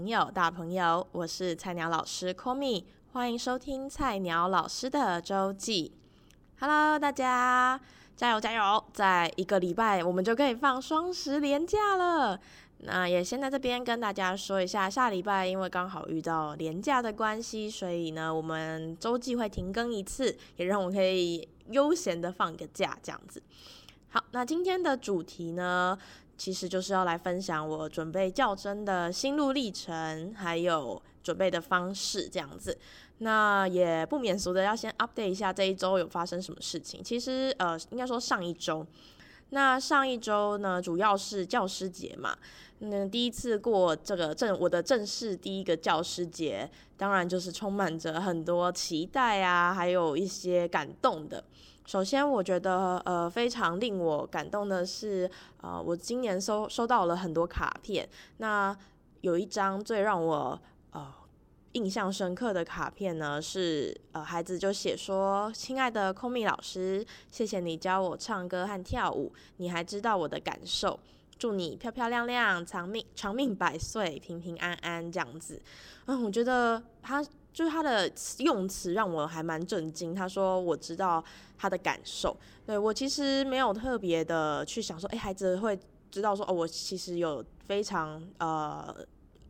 朋友，大朋友，我是菜鳥老師 Komi，歡迎收聽菜鳥老師的週記。Hello，大家加油加油，再一個禮拜我們就可以放雙十連假了。那也先在這邊跟大家說一下，下禮拜因為剛好遇到連假的關係，所以呢我們週記會停更一次，也讓我可以悠閒的放個假這樣子。好，那今天的主題呢？其實就是要來分享我準備教甄的心路歷程，還有準備的方式這樣子。那也不免俗的要先 update 一下這一周有發生什麼事情。其實呃，應該說上一周，那上一周呢，主要是教師節嘛。嗯，第一次過這個正我的正式第一個教師節，當然就是充滿着很多期待啊，還有一些感動的。首先，我覺得呃非常令我感動的是，呃，我今年收收到了很多卡片。那有一張最讓我呃印象深刻的卡片呢，是呃孩子就寫說：“親愛的空蜜老師，謝謝你教我唱歌和跳舞，你還知道我的感受。祝你漂漂亮亮、長命長命百歲、平平安安這樣子。呃”嗯，我覺得他。就是他的用詞讓我還蠻震驚。他說：“我知道他的感受。”對，我其實沒有特別的去想說，欸，孩子會知道說哦，我其實有非常呃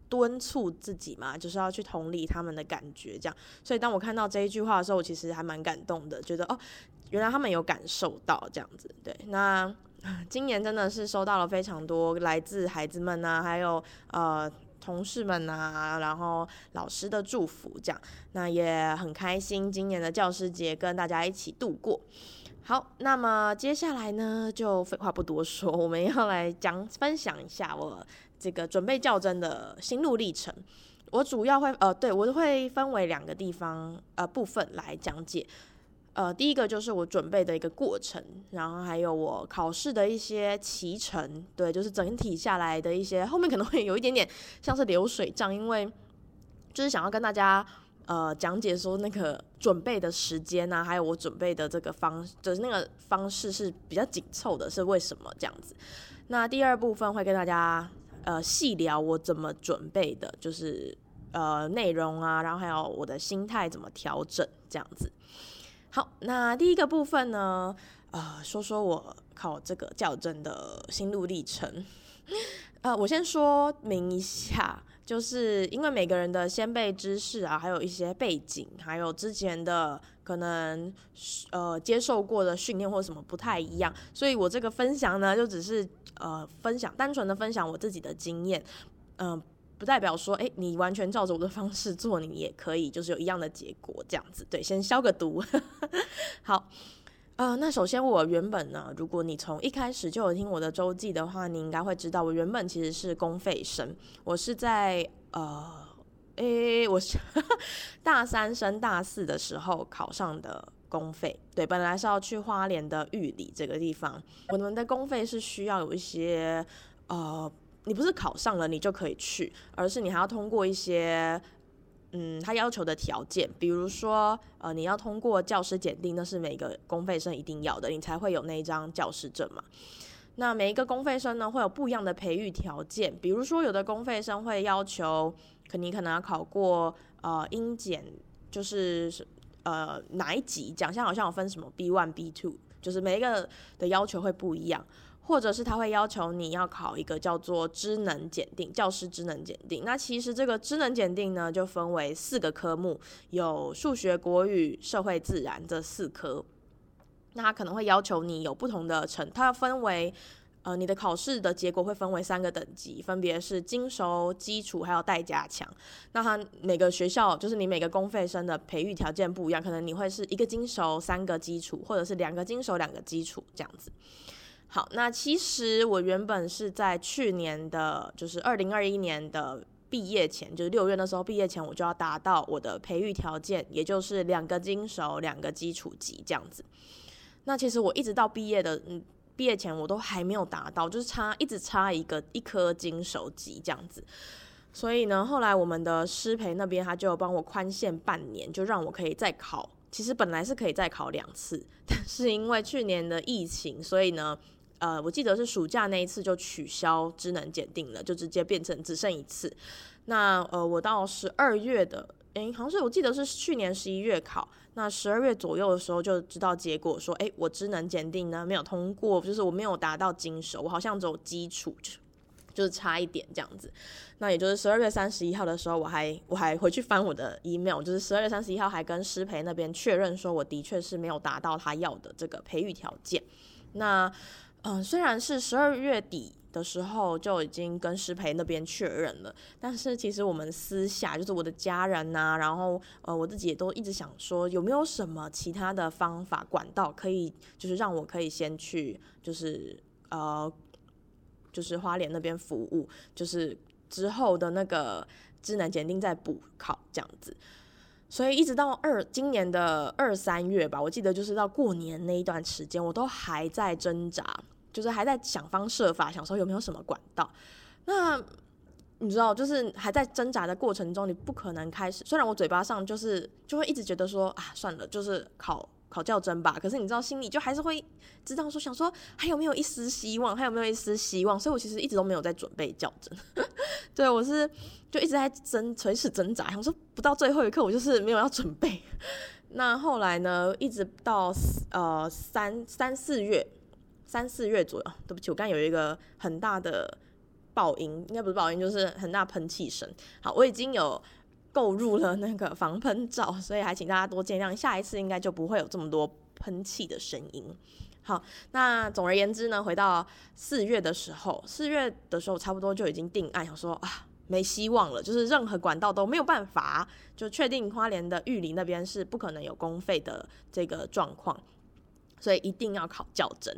敦促自己嘛，就是要去同理他們的感覺這樣。所以當我看到這一句話的時候，我其實還蠻感動的，覺得哦，原來他們有感受到這樣子。對，那今年真的是收到了非常多來自孩子們啊，還有呃。同事們啊，然後老師的祝福，這樣，那也很開心，今年的教師節跟大家一起度過。好，那麼接下來呢，就廢話不多說，我們要來講，分享一下我這個準備教甄的心路歷程。我主要會呃，對，我會分為兩個地方，呃，部分來講解。呃，第一個就是我準備的一個過程，然後還有我考試的一些歷程，對，就是整體下來的一些，後面可能會有一點點像是流水賬，因為就是想要跟大家呃講解說那個準備的時間啊，還有我準備的這個方，就是那個方式是比較緊湊的，是為什麼這樣子？那第二部分會跟大家呃細聊我怎麼準備的，就是呃內容啊，然後還有我的心態怎麼調整這樣子。好，那第一個部分呢，呃，說說我考這個教甄的心路歷程。呃，我先說明一下，就是因為每個人的先備知識啊，還有一些背景，還有之前的可能呃接受過的訓練或什麼不太一樣，所以我這個分享呢，就只是呃分享單純的分享我自己的經驗，嗯、呃。不代表說，誒、欸，你完全照着我的方式做，你也可以，就是有一樣的結果，這樣子。對，先消個毒。 好，呃，那首先我原本呢，如果你從一開始就有聽我的周記的話，你應該會知道，我原本其實是公費生，我是在呃，誒、欸，我是大三升大四的時候考上的公費。對，本來是要去花蓮的玉里這個地方，我們的公費是需要有一些呃。你不是考上了你就可以去，而是你還要通過一些，嗯，他要求的條件，比如說，呃，你要通過教師檢定，那是每個公費生一定要的，你才會有那一張教師證嘛。那每一個公費生呢，會有不一樣的培育條件，比如說有的公費生會要求，可你可能要考過，呃，英檢，就是呃哪一級？獎項好像有分什麼 B one、B two，就是每一個的要求會不一樣。或者是他會要求你要考一個叫做“知能檢定”教師知能檢定。那其實這個知能檢定呢，就分為四個科目，有數學、國語、社會、自然這四科。那他可能會要求你有不同的成，它要分為呃你的考試的結果會分為三個等級，分別是精熟、基礎還有待加強。那他每個學校就是你每個公費生的培育條件不一樣，可能你會是一個精熟三個基礎，或者是兩個精熟兩個基礎這樣子。好，那其實我原本是在去年的，就是二零二一年的畢業前，就是六月那時候畢業前，我就要達到我的培育條件，也就是兩個精熟，兩個基礎級這樣子。那其實我一直到畢業的，嗯，畢業前我都還沒有達到，就是差，一直差一個一顆精熟級，這樣子。所以呢，後來我們的師培那邊他就幫我寬限半年，就讓我可以再考。其實本來是可以再考兩次，但是因為去年的疫情，所以呢，呃，我記得是暑假那一次就取消智能檢定了，就直接變成只剩一次。那呃，我到十二月的，誒、欸，好像是我記得是去年十一月考，那十二月左右的時候就知道結果說，說、欸、誒，我智能檢定呢沒有通過，就是我沒有達到精熟，我好像只有基礎，就是差一點這樣子。那也就是十二月三十一號的時候，我還我還回去翻我的 email，就是十二月三十一號還跟師培那邊確認說，我的確是沒有達到他要的這個培育條件。那嗯，雖然是十二月底的時候就已經跟師培那邊確認了，但是其實我們私下就是我的家人吶、啊，然後呃我自己也都一直想說有沒有什麼其他的方法管道可以，就是讓我可以先去就是呃就是花蓮那邊服務，就是之後的那個智能檢定再補考這樣子，所以一直到二今年的二三月吧，我記得就是到過年那一段時間，我都還在掙扎。就是還在想方設法想說有沒有什麼管道，那你知道就是還在掙扎的過程中，你不可能開始。雖然我嘴巴上就是就會一直覺得說啊算了，就是考考教甄吧，可是你知道心裡就還是會知道說想說還有沒有一絲希望，還有沒有一絲希望，所以我其實一直都沒有在準備教甄。 對，我是就一直在掙垂死掙扎，想說不到最後一刻我就是沒有要準備。那後來呢，一直到呃三三四月。三四月左右，啊，對不起，我剛才有一個很大的爆音，應該不是爆音，就是很大噴氣聲。好，我已經有購入了那個防噴罩，所以還請大家多見諒。下一次應該就不會有這麼多噴氣的聲音。好，那總而言之呢，回到四月的時候，四月的時候差不多就已經定案，想說啊，沒希望了，就是任何管道都沒有辦法，就確定花蓮的玉里那邊是不可能有公費的這個狀況，所以一定要考教甄。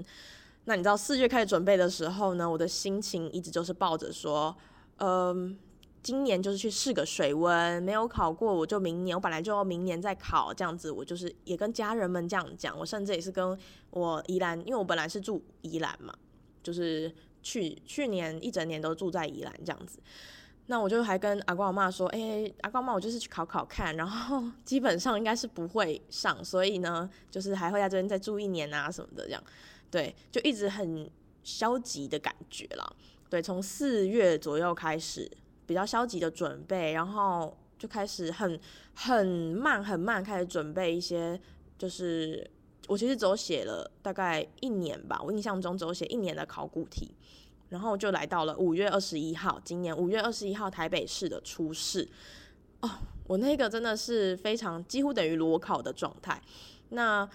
那你知道四月開始準備的時候呢，我的心情一直就是抱着說，嗯，今年就是去試個水溫，沒有考過我就明年，我本來就要明年再考這樣子，我就是也跟家人們這樣講，我甚至也是跟我宜蘭，因為我本來是住宜蘭嘛，就是去去年一整年都住在宜蘭這樣子，那我就還跟阿公阿嬤說，哎、欸，阿公阿嬤，我就是去考考看，然後基本上應該是不會上，所以呢，就是還會在這邊再住一年啊什麼的這樣。對，就一直很消極的感覺了。對，從四月左右開始比較消極的準備，然後就開始很很慢很慢開始準備一些，就是我其實只有寫了大概一年吧，我印象中只有寫一年的考古題，然後就來到了五月二十一號，今年五月二十一號台北市的初試，哦，我那個真的是非常幾乎等於裸考的狀態，那。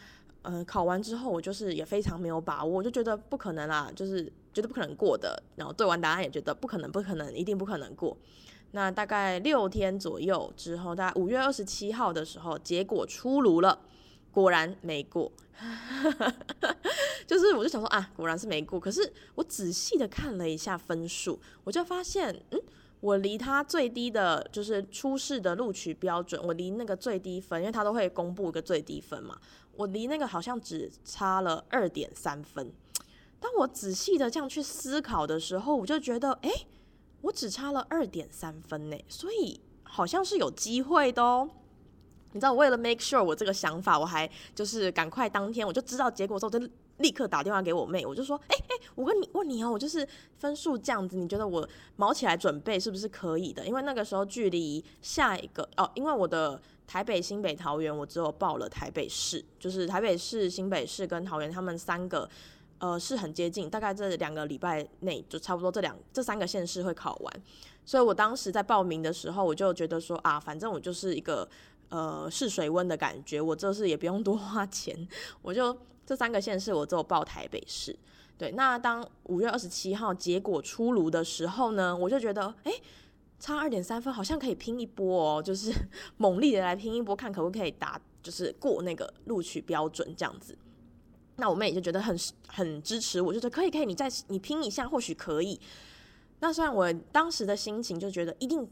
嗯，考完之後我就是也非常沒有把握，我就覺得不可能啦，就是覺得不可能過的。然後對完答案也覺得不可能，不可能，一定不可能過。那大概六天左右之後，大概五月二十七號的時候，結果出爐了，果然沒過。 就是我就想說啊，果然是沒過。可是我仔細的看了一下分數，我就發現，嗯，我離他最低的就是初試的錄取標準，我離那個最低分，因為他都會公布一個最低分嘛。我離那個好像只差了二點三分，當我仔細的這樣去思考的時候，我就覺得，哎、欸，我只差了二點三分呢、欸，所以好像是有機會的哦、喔。你知道，為了 make sure 我這個想法，我還就是趕快當天我就知道結果之後，就立刻打電話給我妹，我就說，哎、欸、哎、欸，我跟你問你問你哦，我就是分數這樣子，你覺得我卯起來準備是不是可以的？因為那個時候距離下一個哦，因為我的。台北、新北、桃園，我只有報了台北市，就是台北市、新北市跟桃園，他們三個，呃，是很接近。大概這兩個禮拜內，就差不多這兩、這三個縣市會考完。所以我當時在報名的時候，我就覺得說啊，反正我就是一個呃試水溫的感覺，我這次也不用多花錢，我就這三個縣市我就報台北市。對，那當五月二十七號結果出爐的時候呢，我就覺得，哎，差二點三分，好像可以拼一波哦，就是猛力的來拼一波，看可不可以達，就是過那個錄取標準這樣子。那我妹也就覺得很很支持我，我就說，是，可以可以，你再你拼一下，或許可以。那雖然我當時的心情就覺得一定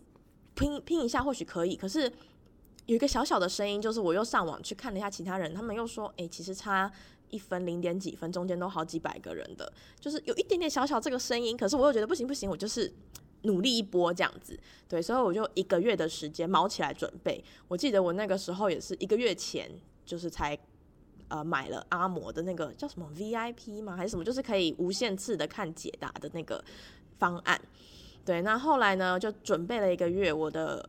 拼拼一下或許可以，可是有一個小小的聲音，就是我又上網去看了一下其他人，他們又說，哎、欸，其實差一分零點幾分，中間都好幾百個人的，就是有一點點小小這個聲音。可是我又覺得不行不行，我就是。努力一波這樣子，對，所以我就一個月的時間卯起來準備。我記得我那個時候也是一個月前，就是才呃買了阿摩的那個叫什麼 VIP 嗎，還是什麼，就是可以無限次的看解答的那個方案。對，那後來呢，就準備了一個月，我的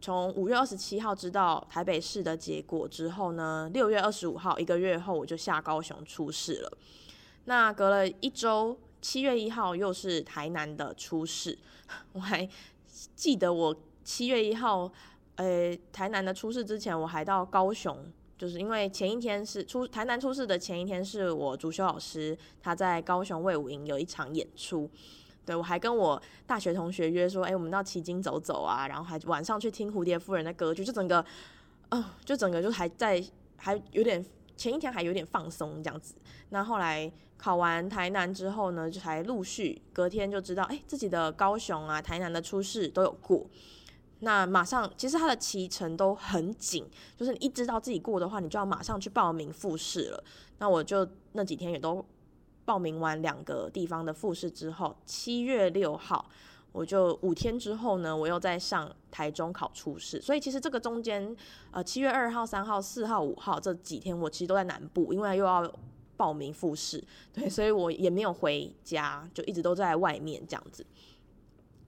從五月二十七號知道台北市的結果之後呢，六月二十五號一個月後我就下高雄出試了。那隔了一周。七月一號又是台南的初試，我還記得我七月一號，呃、欸，台南的初試之前，我還到高雄，就是因為前一天是出台南初試的前一天，是我主修老師他在高雄衛武營，有一場演出。對，我還跟我大學同學約說，哎、欸，我們到旗津走走啊，然後還晚上去聽蝴蝶夫人的歌劇，就整個，嗯、呃，就整個就還在還有點前一天還有點放鬆這樣子，那後來考完台南之後呢，就才陸續隔天就知道，誒、欸，自己的高雄啊、台南的初試都有過。那馬上其實它的期程都很緊，就是你一知道自己過的話，你就要馬上去報名複試了。那我就那幾天也都報名完兩個地方的複試之後，七月六號。我就五天之後呢，我又在上台中考初試，所以其實這個中間，呃，七月二號、三號、四號、五號這幾天，我其實都在南部，因為又要報名複試，對，所以我也沒有回家，就一直都在外面這樣子。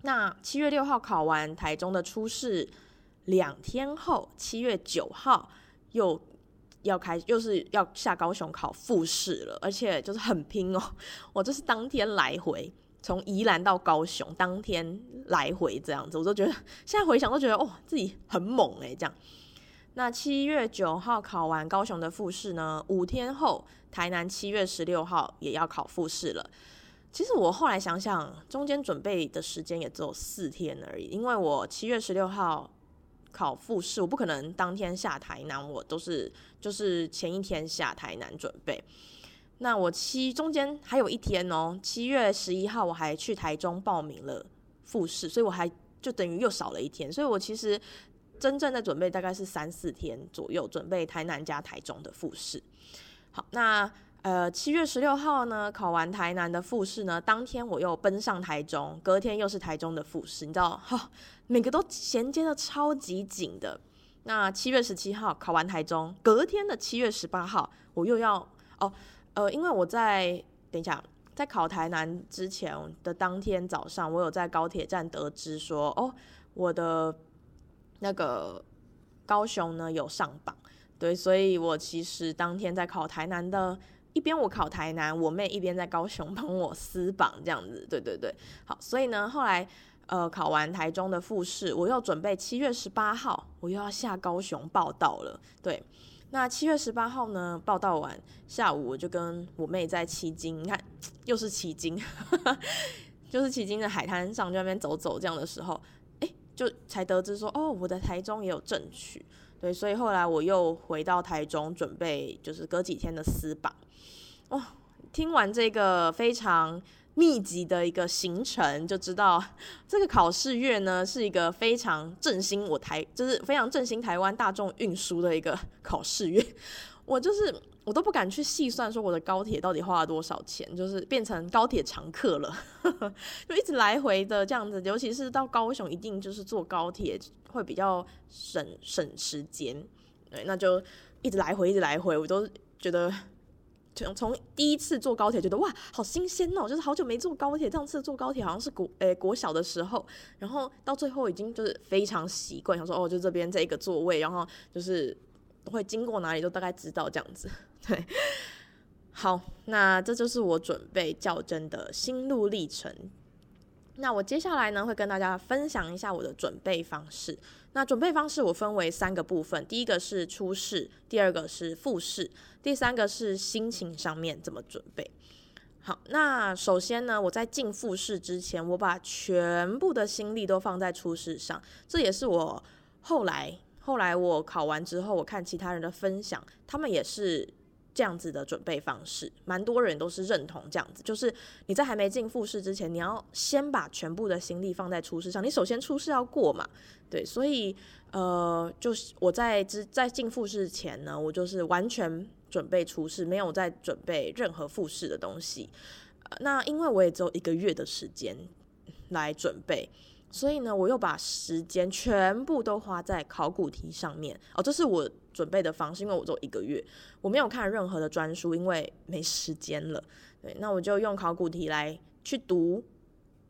那七月六號考完台中的初試，兩天後，七月九號又要開，又是要下高雄考複試了，而且就是很拼哦、喔，我這是當天來回。從宜蘭到高雄，當天來回這樣子，我都覺得現在回想都覺得哦，自己很猛誒。這樣。那七月九號考完高雄的複試呢，五天後台南七月十六號也要考複試了。其實我後來想想，中間準備的時間也只有四天而已，因為我七月十六號考複試，我不可能當天下台南，我都是就是前一天下台南準備。那我七中間還有一天哦，七月十一號我還去台中報名了複試，所以我還就等於又少了一天，所以我其實真正在準備大概是三四天左右，準備台南加台中的複試。好，那呃七月十六號呢，考完台南的複試呢，當天我又奔上台中，隔天又是台中的複試，你知道哈、哦，每個都銜接得超級緊的。那七月十七號考完台中，隔天的七月十八號我又要哦。呃，因為我在等一下，在考台南之前的當天早上，我有在高鐵站得知說，哦，我的那個高雄呢有上榜，對，所以我其實當天在考台南的一邊，我考台南，我妹一邊在高雄幫我撕榜這樣子，對對對，好，所以呢，後來呃考完台中的複試，我又準備七月十八號，我又要下高雄報到了，對。那七月十八號呢，報道完下午，我就跟我妹在旗津，你看又是旗津，就是旗津的海灘上就在那邊走走這樣的時候，哎、欸，就才得知說，哦，我的台中也有正取，對，所以後來我又回到台中，準備就是隔幾天的撕榜，哦，聽完這個非常。密集的一個行程，就知道這個考試月呢是一個非常振興我台，就是非常振興台灣大眾運輸的一個考試月。我就是我都不敢去細算說我的高鐵到底花了多少錢，就是變成高鐵常客了， 就一直來回的這樣子。尤其是到高雄，一定就是坐高鐵會比較省省時間。對，那就一直來回，一直來回，我都覺得。從第一次坐高鐵覺得哇好新鮮哦，就是好久沒坐高鐵，上次坐高鐵好像是國誒、欸、國小的時候，然後到最後已經就是非常習慣，想說哦，就這邊這一個座位，然後就是會經過哪裡都大概知道這樣子，對。好，那這就是我準備教甄的心路歷程。那我接下來呢，會跟大家分享一下我的準備方式。那準備方式我分為三個部分，第一個是初試，第二個是複試，第三個是心情上面怎麼準備。好，那首先呢，我在進複試之前，我把全部的心力都放在初試上，這也是我後來後來我考完之後，我看其他人的分享，他們也是。這樣子的準備方式，蠻多人都是認同這樣子，就是你在還沒進複試之前，你要先把全部的心力放在初試上，你首先初試要過嘛，對，所以呃，就是我在之在進複試前呢，我就是完全準備初試，沒有在準備任何複試的東西，呃，那因為我也只有一個月的時間來準備。所以呢，我又把時間全部都花在考古題上面哦，這是我準備的方式，因為我做一個月，我沒有看任何的專書，因為沒時間了。對，那我就用考古題來去讀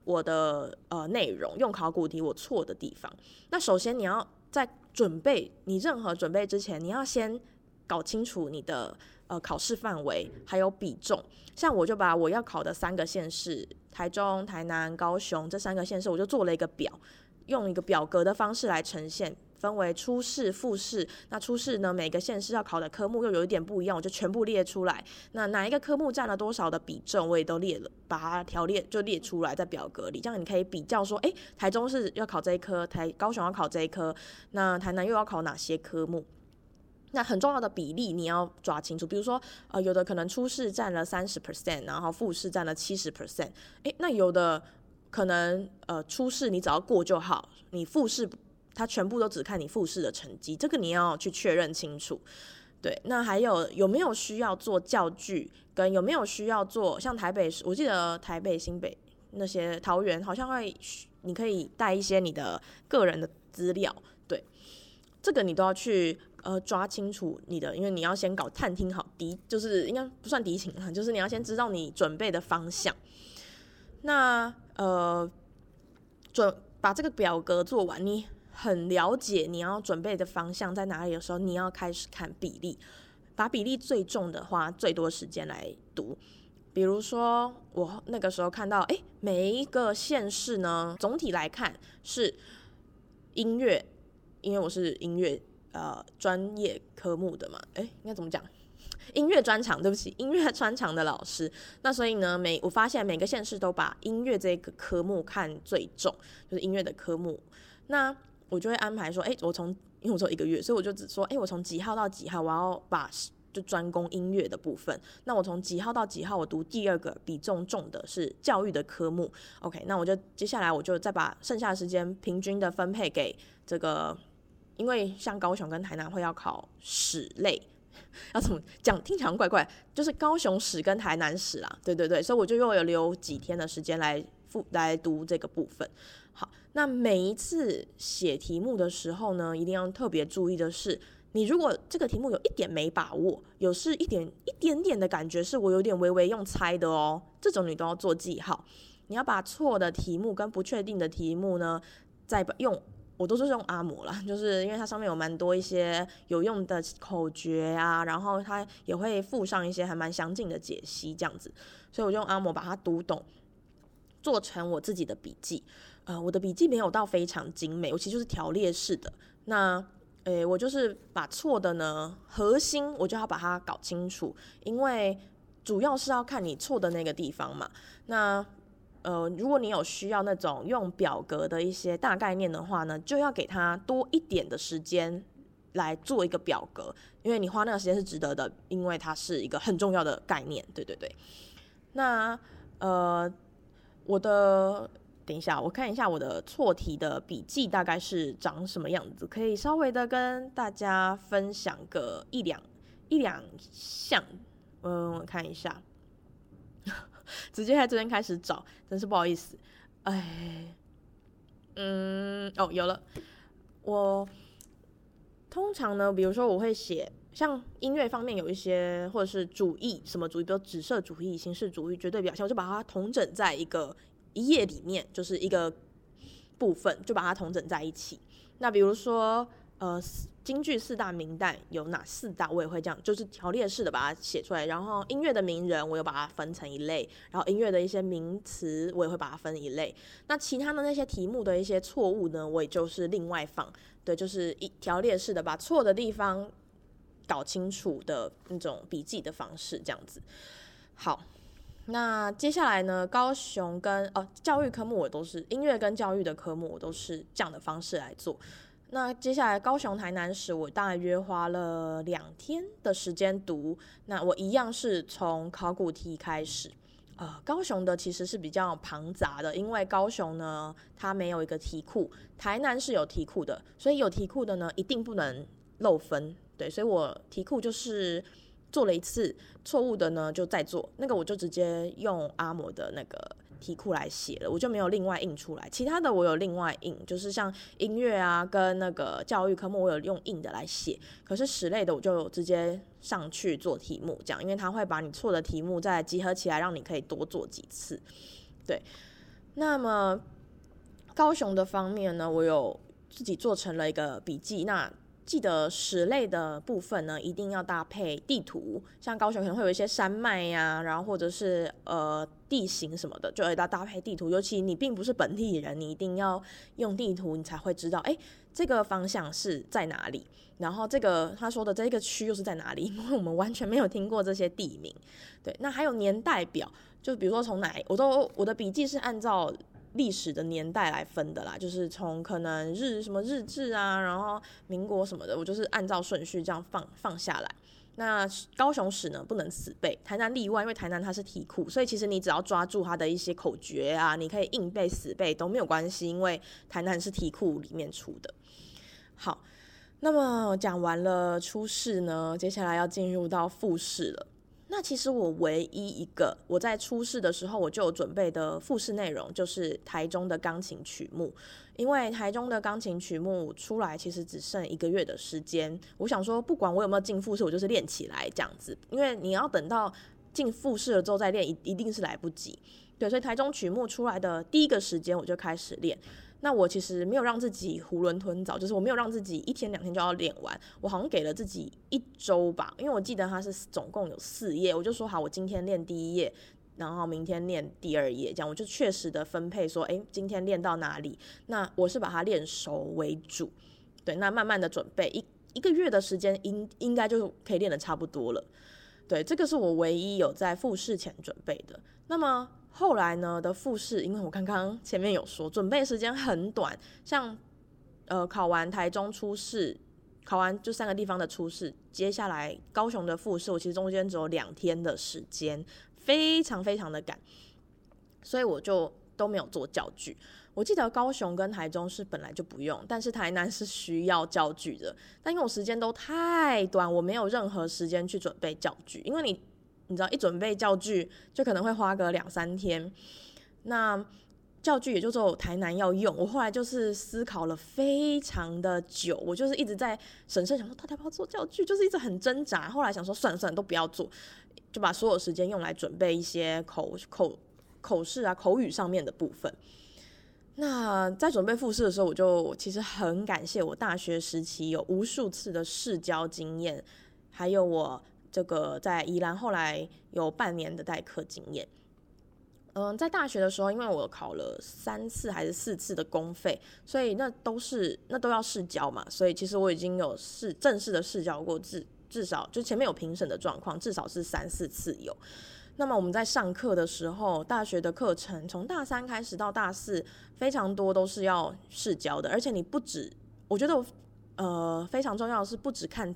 我的呃內容，用考古題我錯的地方。那首先你要在準備你任何準備之前，你要先。搞清楚你的呃考試範圍還有比重，像我就把我要考的三個縣市，台中、台南、高雄這三個縣市，我就做了一個表，用一個表格的方式來呈現，分為初試、複試。那初試呢，每個縣市要考的科目又有一點不一樣，我就全部列出來。那哪一個科目占了多少的比重，我也都列了，把它條列就列出來在表格裡，這樣你可以比較說，誒、欸，台中市要考這一科，台高雄要考這一科，那台南又要考哪些科目？那很重要的比例你要抓清楚，比如說，呃，有的可能初試占了三十 percent，然後複試占了七十 percent，誒，那有的可能呃初試你只要過就好，你複試他全部都只看你複試的成績，這個你要去確認清楚。對，那還有有沒有需要做教具，跟有沒有需要做像台北，我記得台北新北那些，桃園好像會，你可以帶一些你的個人的資料，對，這個你都要去。呃，抓清楚你的，因為你要先搞探聽好敵，就是應該不算敵情了，就是你要先知道你準備的方向。那呃，准把這個表格做完，你很了解你要準備的方向在哪裡的時候，你要開始看比例，把比例最重的花最多時間來讀。比如說我那個時候看到，哎、欸，每一個縣市呢，總體來看是音樂，因為我是音樂。呃，專業科目的嘛，誒、欸，應該怎麼講？音樂專長，對不起，音樂專長的老師。那所以呢，每我發現每個縣市都把音樂這個科目看最重，就是音樂的科目。那我就會安排說，誒、欸，我從因為我做一個月，所以我就只說，誒、欸，我從幾號到幾號，我要把就專攻音樂的部分。那我從幾號到幾號，我讀第二個比重重的是教育的科目。OK，那我就接下來我就再把剩下的時間平均的分配給這個。因為像高雄跟台南會要考史類，要怎麼講？聽起來很怪怪，就是高雄史跟台南史啦。對對對，所以我就又有留幾天的時間來複來讀這個部分。好，那每一次寫題目的時候呢，一定要特別注意的是，你如果這個題目有一點沒把握，有是一點一點點的感覺，是我有點微微用猜的哦，這種你都要做記號。你要把錯的題目跟不確定的題目呢，再把用。我都是用阿摩啦，就是因為它上面有蠻多一些有用的口訣啊，然後它也會附上一些還蠻詳盡的解析這樣子，所以我就用阿摩把它讀懂，做成我自己的筆記。呃，我的筆記沒有到非常精美，我其實就是條列式的。那，誒、欸，我就是把錯的呢核心，我就要把它搞清楚，因為主要是要看你錯的那個地方嘛。那呃，如果你有需要那種用表格的一些大概念的話呢，就要給他多一點的時間來做一個表格，因為你花那個時間是值得的，因為它是一個很重要的概念。對對對。那呃，我的，等一下，我看一下我的錯題的筆記大概是長什麼樣子，可以稍微的跟大家分享個一兩一兩項。嗯、呃，我看一下。直接在這邊開始找，真是不好意思。哎，嗯，哦，有了。我通常呢，比如說我會寫像音樂方面有一些或者是主義什麼主義，比如紫色主義、形式主義、絕對表現，我就把它統整在一個一頁裡面，就是一個部分，就把它統整在一起。那比如說，呃。京劇四大名旦有哪四大？我也會這樣，就是條列式的把它寫出來。然後音樂的名人，我又把它分成一類。然後音樂的一些名詞，我也會把它分一類。那其他的那些題目的一些錯誤呢，我也就是另外放。對，就是一條列式的把錯的地方搞清楚的那種筆記的方式，這樣子。好，那接下來呢，高雄跟，哦，教育科目我都是音樂跟教育的科目，我都是這樣的方式來做。那接下來高雄台南時，我大約花了兩天的時間讀。那我一樣是從考古題開始。呃，高雄的其實是比較龐雜的，因為高雄呢它沒有一個題庫，台南是有題庫的。所以有題庫的呢，一定不能漏分。對，所以我題庫就是做了一次，錯誤的呢就再做。那個我就直接用阿摩的那個。題庫來寫了，我就沒有另外印出來。其他的我有另外印，就是像音樂啊跟那個教育科目，我有用印的來寫。可是史類的，我就有直接上去做題目這樣，因為它會把你錯的題目再集合起來，讓你可以多做幾次。對，那麼高雄的方面呢，我有自己做成了一個筆記。那記得史類的部分呢，一定要搭配地圖，像高雄可能會有一些山脈呀、啊，然後或者是呃。地形什麼的，就要搭配地圖。尤其你並不是本地人，你一定要用地圖，你才會知道，哎、欸，這個方向是在哪裡？然後這個他說的這個區又是在哪裡？因為我們完全沒有聽過這些地名。對，那還有年代表，就比如說從哪裡，我都我的筆記是按照歷史的年代來分的啦，就是從可能日什麼日治啊，然後民國什麼的，我就是按照順序這樣放放下來。那高雄市呢，不能死背。台南例外，因為台南它是題庫，所以其實你只要抓住它的一些口訣啊，你可以硬背死背都沒有關係，因為台南是題庫裡面出的。好，那麼講完了初試呢，接下來要進入到複試了。那其實我唯一一個我在初試的時候，我就有準備的複試內容就是台中的鋼琴曲目，因為台中的鋼琴曲目出來其實只剩一個月的時間，我想說不管我有沒有進複試，我就是練起來這樣子，因為你要等到進複試了之後再練，一一定是來不及。對，所以台中曲目出來的第一個時間我就開始練。那我其實沒有讓自己囫圇吞棗，就是我沒有讓自己一天兩天就要練完，我好像給了自己一周吧，因為我記得它是總共有四頁，我就說好，我今天練第一頁，然後明天練第二頁，這樣我就確實的分配說，哎、欸，今天練到哪裡？那我是把它練熟為主，對，那慢慢的準備一一個月的時間，應應該就可以練得差不多了，對，這個是我唯一有在複試前準備的，那麼。後來呢的複試，因為我剛剛前面有說，準備時間很短，像，呃，考完台中初試，考完這三個地方的初試，接下來高雄的複試，我其實中間只有兩天的時間，非常非常的趕，所以我就都沒有做教具。我記得高雄跟台中是本來就不用，但是台南是需要教具的，但因為我時間都太短，我沒有任何時間去準備教具，因為你。你知道，一準備教具就可能會花個兩三天。那教具也就只有台南要用。我後來就是思考了非常的久，我就是一直在審慎，想說到底要不要做教具，就是一直很掙扎。後來想說，算了算了，都不要做，就把所有時間用來準備一些口口口試啊、口語上面的部分。那在準備複試的時候，我就其實很感謝我大學時期有無數次的試教經驗，還有我。這個在宜蘭後來有半年的代課經驗，嗯，在大學的時候，因為我考了三次還是四次的公費，所以那都是那都要試教嘛，所以其實我已經有試正式的試教過，至至少就前面有評審的狀況，至少是三四次有。那麼我們在上課的時候，大學的課程從大三開始到大四，非常多都是要試教的，而且你不止，我覺得呃非常重要的是不止看。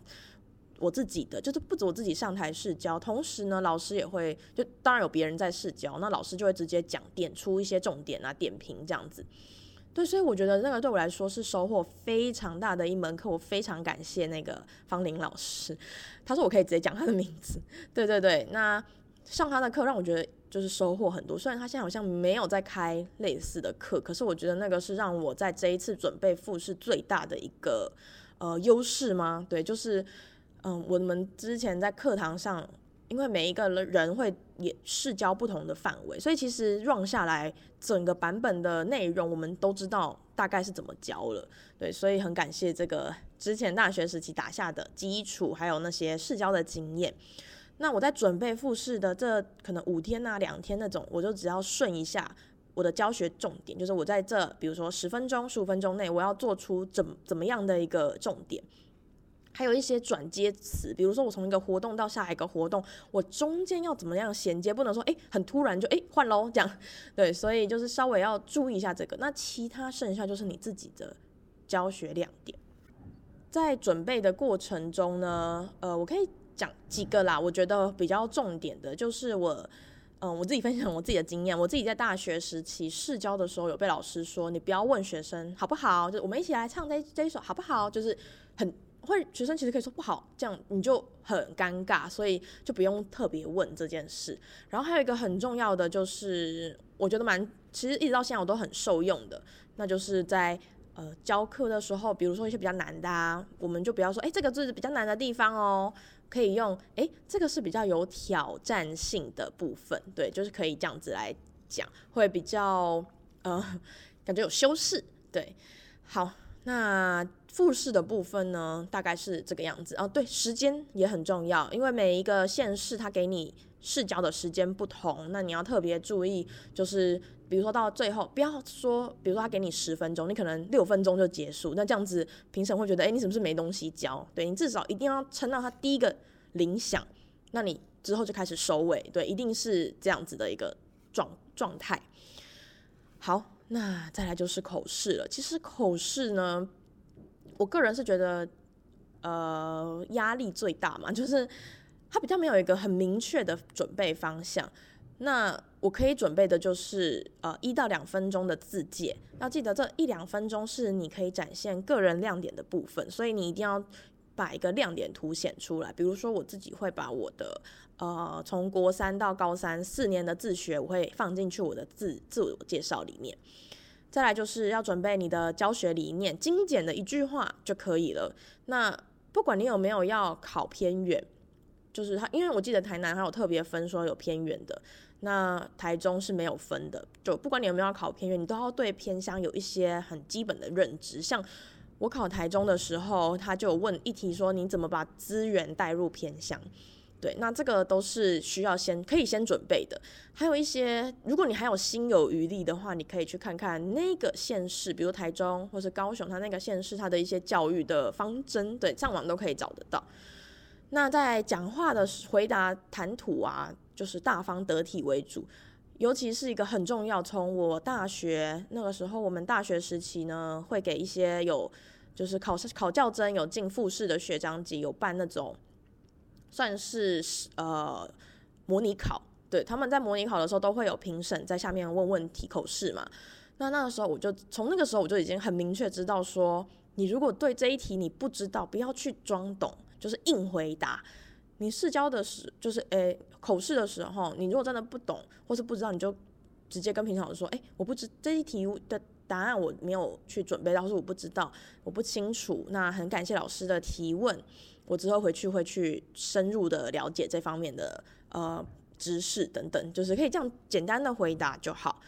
我自己的就是不止我自己上台試教，同時呢，老師也會就當然有別人在試教，那老師就會直接講點出一些重點啊，點評這樣子。對，所以我覺得那個對我來說是收穫非常大的一門課，我非常感謝那個方林老師。他說我可以直接講他的名字。對對對，那上他的課讓我覺得就是收穫很多。雖然他現在好像沒有在開類似的課，可是我覺得那個是讓我在這一次準備複試最大的一個呃優勢嗎？對，就是。嗯，我們之前在課堂上，因為每一個人會也試教不同的範圍，所以其實 run 下來整個版本的內容，我們都知道大概是怎麼教了。對，所以很感謝這個之前大學時期打下的基礎，還有那些試教的經驗。那我在準備複試的這可能五天吶、啊、兩天那種，我就只要順一下我的教學重點，就是我在這比如說十分鐘、十五分鐘內，我要做出怎怎麼樣的一個重點。還有一些轉接詞，比如說我從一個活動到下一個活動，我中間要怎麼樣銜接？不能說誒、欸、很突然就哎換嘍這樣，對，所以就是稍微要注意一下這個。那其他剩下就是你自己的教學亮點，在準備的過程中呢，呃，我可以講幾個啦。我覺得比較重點的就是我，嗯、呃，我自己分享我自己的經驗。我自己在大學時期試教的時候，有被老師說：“你不要問學生好不好？就我們一起來唱這這一首好不好？”就是很。會學生其實可以說不好，這樣你就很尷尬，所以就不用特別問這件事。然後還有一個很重要的，就是我覺得蠻，其實一直到現在我都很受用的，那就是在呃教課的時候，比如說一些比較難的啊，我們就不要說誒，這個就是比較難的地方哦，可以用誒，這個是比較有挑戰性的部分，對，就是可以這樣子來講，會比較呃感覺有修飾，對，好那。複試的部分呢，大概是這個樣子哦、啊。對，時間也很重要，因為每一個縣市它給你試教的時間不同，那你要特別注意，就是比如說到最後，不要說，比如說他給你十分鐘，你可能六分鐘就結束，那這樣子評審會覺得，哎，你是不是沒東西教？對，你至少一定要撐到他第一個鈴響，那你之後就開始收尾，對，一定是這樣子的一個狀狀態。好，那再來就是口試了，其實口試呢，我個人是覺得，呃，壓力最大嘛，就是他比較沒有一個很明確的準備方向。那我可以準備的就是，呃，一到兩分鐘的自介。要記得這一兩分鐘是你可以展現個人亮點的部分，所以你一定要把一個亮點凸顯出來。比如說，我自己會把我的，呃，從國三到高三四年的自學，我會放進去我的自自我介紹裡面。再來就是要準備你的教學理念，精簡的一句話就可以了。那不管你有沒有要考偏遠，就是他，因為我記得台南還有特別分說有偏遠的，那台中是沒有分的。就不管你有沒有要考偏遠，你都要對偏鄉有一些很基本的認知。像我考台中的時候，他就問一題說你怎麼把資源帶入偏鄉？對，那這個都是需要先可以先準備的，還有一些，如果你還有心有餘力的話，你可以去看看那個縣市，比如台中或是高雄，它那個縣市它的一些教育的方針，對，上網都可以找得到。那在講話的回答談吐啊，就是大方得體為主，尤其是一個很重要。從我大學那個時候，我們大學時期呢，會給一些有就是考試考教甄、有進複試的學長級有辦那種，算是呃，模擬考，對，他們在模擬考的時候都會有評審在下面問問題口試嘛。那那個時候我就從那個時候我就已經很明確知道說，你如果對這一題你不知道，不要去裝懂，就是硬回答。你試教的時候就是誒、欸、口試的時候，你如果真的不懂或是不知道，你就直接跟評審老師說，哎、欸，我不知這一題的答案，我沒有去準備，或是我不知道，我不清楚。那很感謝老師的提問。我之後回去會去深入的了解這方面的呃知識等等，就是可以這樣簡單的回答就好。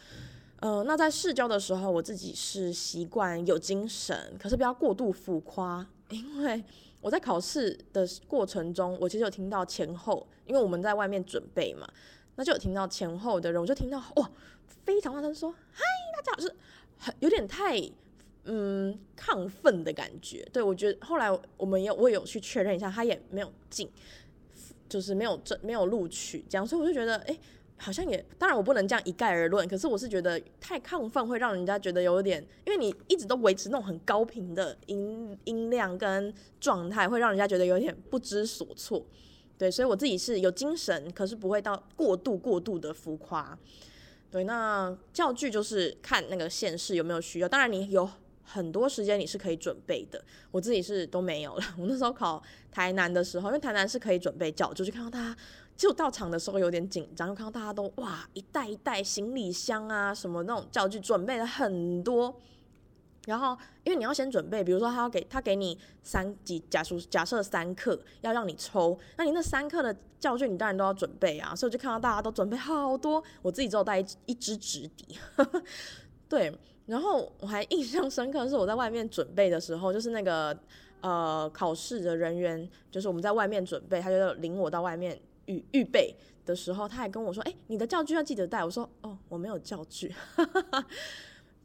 呃，那在試教的時候，我自己是習慣有精神，可是不要過度浮誇，因為我在考試的過程中，我其實有聽到前後，因為我們在外面準備嘛，那就有聽到前後的人，我就聽到哇非常大聲說，嗨，大家好，是很有點太。嗯，亢奮的感覺，對我覺得後來我們有我也有去確認一下，他也沒有進，就是沒有沒有錄取，這樣，所以我就覺得，哎、欸，好像也，當然我不能這樣一概而論，可是我是覺得太亢奮會讓人家覺得有點，因為你一直都維持那種很高頻的音音量跟狀態，會讓人家覺得有點不知所措，對，所以我自己是有精神，可是不會到過度過度的浮誇，對，那教具就是看那個現實有沒有需要，當然你有很多時間你是可以準備的，我自己是都沒有了。我那時候考台南的時候，因為台南是可以準備教具，就看到大家就到場的時候有點緊張，就看到大家都哇，一袋一袋行李箱啊，什麼那種教具準備了很多。然後因為你要先準備，比如說他要給他給你三幾，假假設三課要讓你抽，那你那三課的教具你當然都要準備啊，所以我就看到大家都準備好多，我自己只有帶一,一支紙筆，對。然後我還印象深刻是我在外面準備的時候，就是那個呃考試的人員，就是我們在外面準備，他就要領我到外面預預備的時候，他還跟我說：“哎、欸，你的教具要記得帶。”我說：“哦，我沒有教具。 ”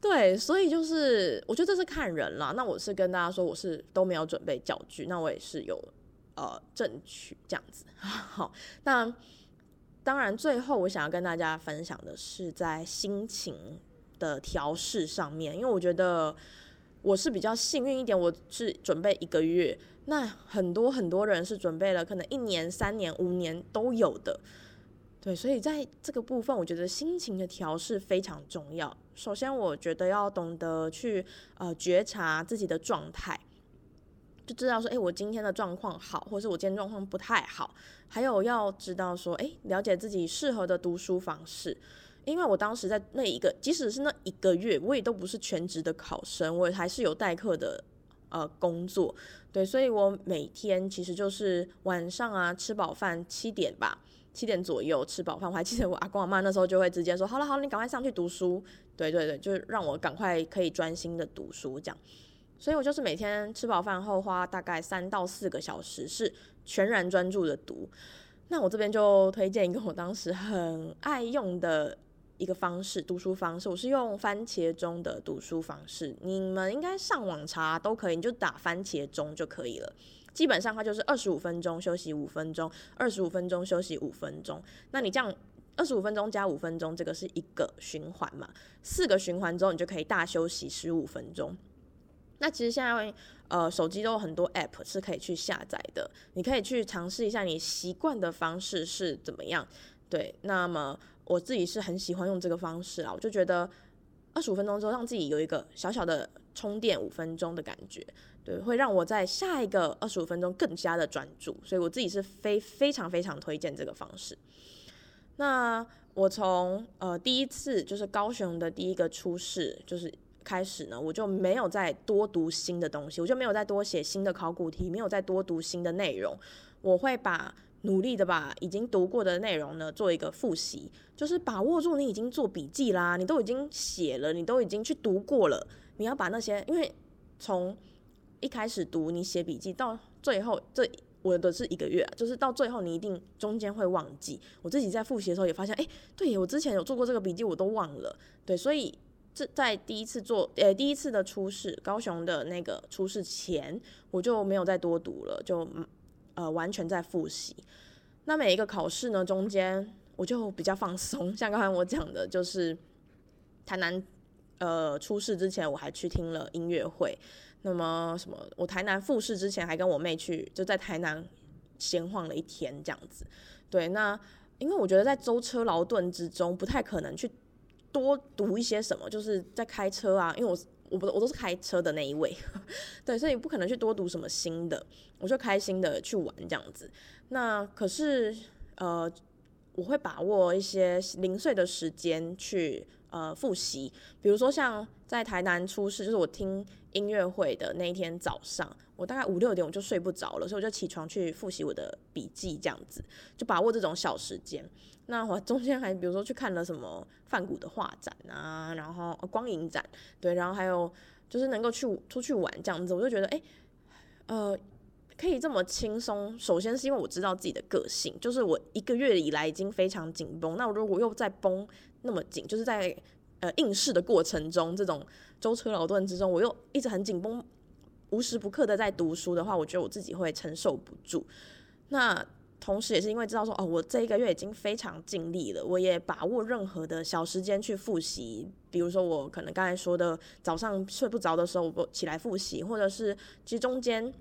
對，所以就是我覺得這是看人啦。那我是跟大家說，我是都沒有準備教具，那我也是有呃正取這樣子。 好，那當然最後我想要跟大家分享的是在心情的調適上面，因為我覺得我是比較幸運一點，我是準備一個月，那很多很多人是準備了可能一年、三年、五年都有的，對，所以在這個部分，我覺得心情的調適非常重要。首先，我覺得要懂得去呃覺察自己的狀態，就知道說，哎、欸，我今天的狀況好，或是我今天狀況不太好，還有要知道說，哎、欸，了解自己適合的讀書方式。因為我當時在那一個，即使是那一個月，我也都不是全職的考生，我還是有代課的呃工作，對，所以我每天其實就是晚上啊吃飽飯七點吧，七點左右吃飽飯，我還記得我阿公阿媽那時候就會直接說，好了好了，你趕快上去讀書，對對對，就是讓我趕快可以專心的讀書這樣，所以我就是每天吃飽飯後花大概三到四個小時是全然專注的讀，那我這邊就推薦一個我當時很愛用的。一個方式，讀書方式，我是用番茄鐘的讀書方式。你們應該上網查都可以，你就打番茄鐘就可以了。基本上它就是二十五分鐘休息五分鐘，二十五分鐘休息五分鐘。那你這樣二十五分鐘加五分鐘，這個是一個循環嘛，四個循環之後，你就可以大休息十五分鐘。那其實現在會呃，手機都有很多 App 是可以去下載的，你可以去嘗試一下，你習慣的方式是怎麼樣？對，那麼。我自己是很喜歡用這個方式啊，我就覺得二十五分鐘之後，讓自己有一個小小的充電五分鐘的感覺，對，會讓我在下一個二十五分鐘更加的專注，所以我自己是非非常非常推薦這個方式。那我從呃第一次就是高雄的第一個初試就是開始呢，我就沒有再多讀新的東西，我就沒有再多寫新的考古題，沒有再多讀新的內容，我會把，努力的把已經讀過的內容呢，做一個複習，就是把握住你已經做筆記啦，你都已經寫了，你都已經去讀過了，你要把那些，因為從一開始讀你寫筆記到最後，這我的是一個月，就是到最後你一定中間會忘記。我自己在複習的時候也發現，誒，對，我之前有做過這個筆記，我都忘了。對，所以這在第一次做，呃，第一次的初試，高雄的那個初試前，我就沒有再多讀了，就。呃，完全在複習。那每一個考試呢，中間我就比較放鬆。像剛才我講的，就是台南呃初試之前，我還去聽了音樂會。那麼什麼？我台南複試之前，還跟我妹去就在台南閒晃了一天，這樣子。對，那因為我覺得在舟車勞頓之中，不太可能去多讀一些什麼，就是在開車啊，因為我。我不，我都是開車的那一位，對，所以不可能去多讀什麼新的，我就開心的去玩這樣子。那可是呃，我會把握一些零碎的時間去呃複習，比如說像在台南出事，就是我聽音樂會的那一天早上，我大概五六點我就睡不着了，所以我就起床去複習我的筆記這樣子，就把握這種小時間。那我中間還比如說去看了什麼梵谷的畫展啊，然後光影展，對，然後還有就是能夠去出去玩這樣子，我就覺得誒、欸，呃，可以這麼輕鬆。首先是因為我知道自己的個性，就是我一個月以來已經非常緊繃，那我如果又在繃那麼緊，就是在呃應試的過程中，這種舟車勞頓之中，我又一直很緊繃，無時不刻的在讀書的話，我覺得我自己會承受不住。那。同時，也是因為知道說，哦，我這一個月已經非常盡力了，我也把握任何的小時間去複習。比如說，我可能剛才說的，早上睡不着的時候，我起來複習，或者是其實中間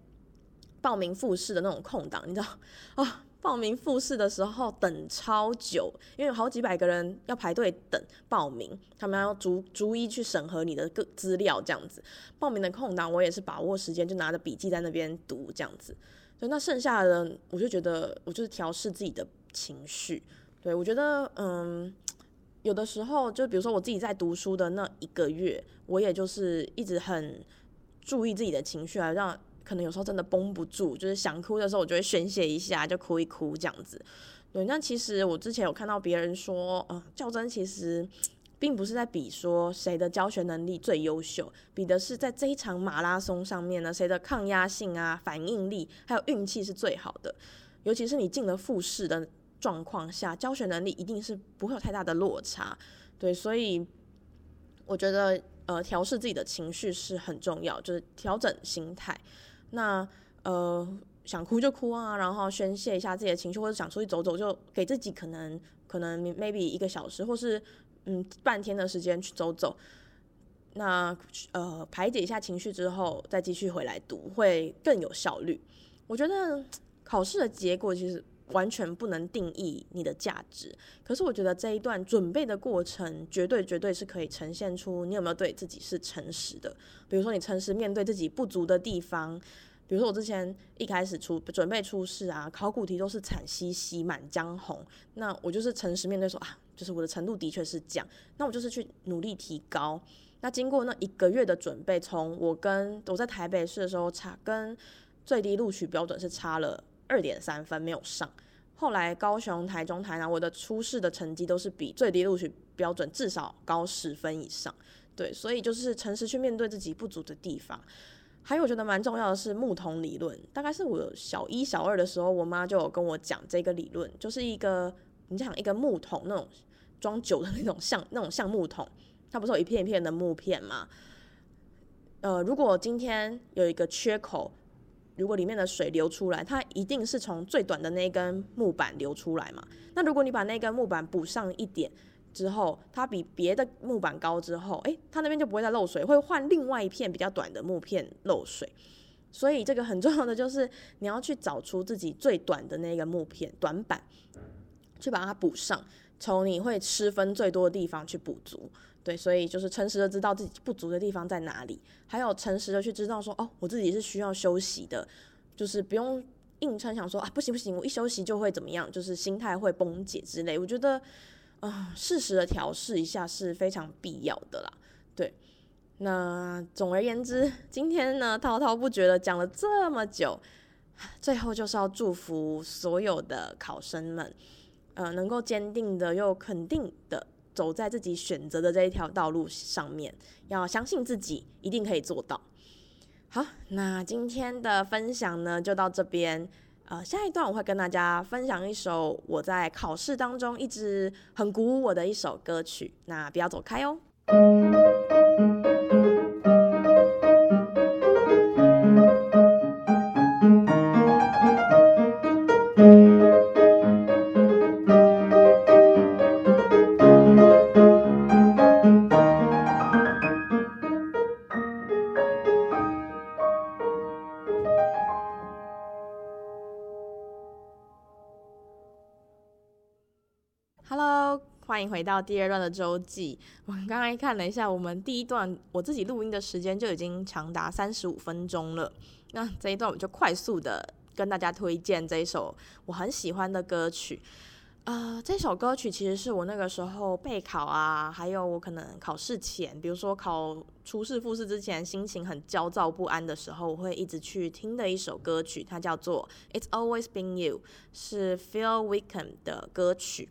報名複試的那種空檔，你知道，啊、哦，報名複試的時候等超久，因為有好幾百個人要排隊等報名，他們要逐逐一去審核你的各資料這樣子。報名的空檔，我也是把握時間，就拿着筆記在那邊讀這樣子。所以，那剩下的人我就覺得我就是調適自己的情緒，對，我覺得，嗯，有的時候就比如說我自己在讀書的那一個月，我也就是一直很注意自己的情緒啊，讓可能有時候真的繃不住，就是想哭的時候，我就會宣洩一下，就哭一哭這樣子。對，那其實我之前有看到別人說，嗯、呃，教甄其實。並不是在比說誰的教學能力最優秀，比的是在這一場馬拉松上面呢，誰的抗壓性啊、反應力還有運氣是最好的。尤其是你進了複試的狀況下，教學能力一定是不會有太大的落差。對，所以我覺得呃調適自己的情緒是很重要，就是調整心態。那呃想哭就哭啊，然後宣泄一下自己的情緒，或者想出去走走，就給自己可能可能 may, maybe 一個小時，或是。嗯，半天的時間去走走，那呃排解一下情緒之後，再繼續回來讀會更有效率。我覺得考試的結果其實完全不能定義你的價值，可是我覺得這一段準備的過程，絕對絕對是可以呈現出你有沒有對自己是誠實的。比如說你誠實面對自己不足的地方，比如說我之前一開始出準備出試啊，考古題都是慘兮兮滿江紅，那我就是誠實面對說啊。就是我的程度的確是這樣，那我就是去努力提高。那經過那一個月的準備，從我跟我在台北市的時候差跟最低錄取標準是差了二點三分沒有上。後來高雄、台中、台南，我的初試的成績都是比最低錄取標準至少高十分以上。對，所以就是誠實去面對自己不足的地方。還有我覺得蠻重要的是木桶理論，大概是我小一、小二的時候，我媽就有跟我講這個理論，就是一個你想一個木桶那種。裝酒的那種像那種橡木桶，它不是有一片一片的木片嗎？呃，如果今天有一個缺口，如果裡面的水流出來，它一定是從最短的那根木板流出來嘛。那如果你把那根木板補上一點之後，它比別的木板高之後，誒、欸，它那邊就不會再漏水，會換另外一片比較短的木片漏水。所以這個很重要的就是你要去找出自己最短的那個木片短板，去把它補上。從你會失分最多的地方去補足，對，所以就是誠實的知道自己不足的地方在哪裡，還有誠實的去知道說，哦，我自己是需要休息的，就是不用硬撐，想說啊，不行不行，我一休息就會怎麼樣，就是心態會崩解之類。我覺得，啊、呃，適時的調適一下是非常必要的啦。對，那總而言之，今天呢滔滔不絕的講了這麼久，最後就是要祝福所有的考生們。呃，能夠堅定的又肯定的走在自己選擇的這一條道路上面，要相信自己一定可以做到。好，那今天的分享呢，就到這邊。呃，下一段我會跟大家分享一首我在考試當中一直很鼓舞我的一首歌曲。那不要走開哦。 回到第二段的周記，我剛剛看了一下，我們第一段我自己錄音的時間就已經長達三十五分鐘了。那這一段，我就快速的跟大家推薦這一首我很喜歡的歌曲。啊、呃，這首歌曲其實是我那個時候備考啊，還有我可能考試前，比如說考初試、複試之前，心情很焦躁不安的時候，我會一直去聽的一首歌曲，它叫做《It's Always Been You》，是 Phil Wickham 的歌曲。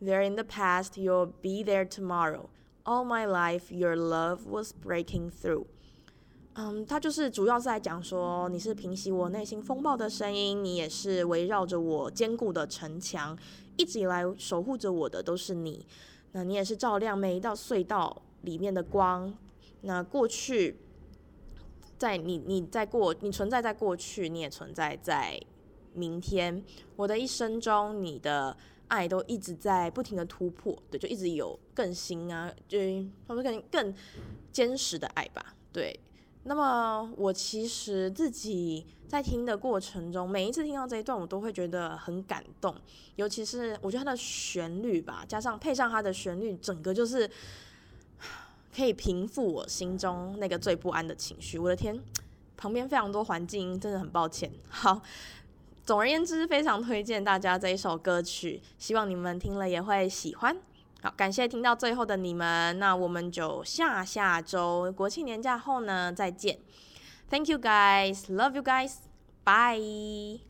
There in the past, you'll be there tomorrow. All my life, your love was breaking through. 嗯、um，它就是主要是在講說，你是平息我內心風暴的聲音，你也是圍繞着我堅固的城牆，一直以來守護着我的都是你。那你也是照亮每一道隧道裡面的光。那過去，在你你在過你存在在過去，你也存在在明天。我的一生中，你的。愛都一直在不停的突破，對，就一直有更新啊，就好像更更堅實的愛吧，對。那麼我其實自己在聽的過程中，每一次聽到這一段，我都會覺得很感動，尤其是我覺得它的旋律吧，加上配上它的旋律，整個就是可以平復我心中那個最不安的情緒。我的天，旁邊非常多環境，真的很抱歉。好。總而言之，非常推薦大家這一首歌曲，希望你們聽了也會喜歡。好，感謝聽到最後的你們，那我們就下下周國慶年假後呢，再見。Thank you guys, love you guys, bye.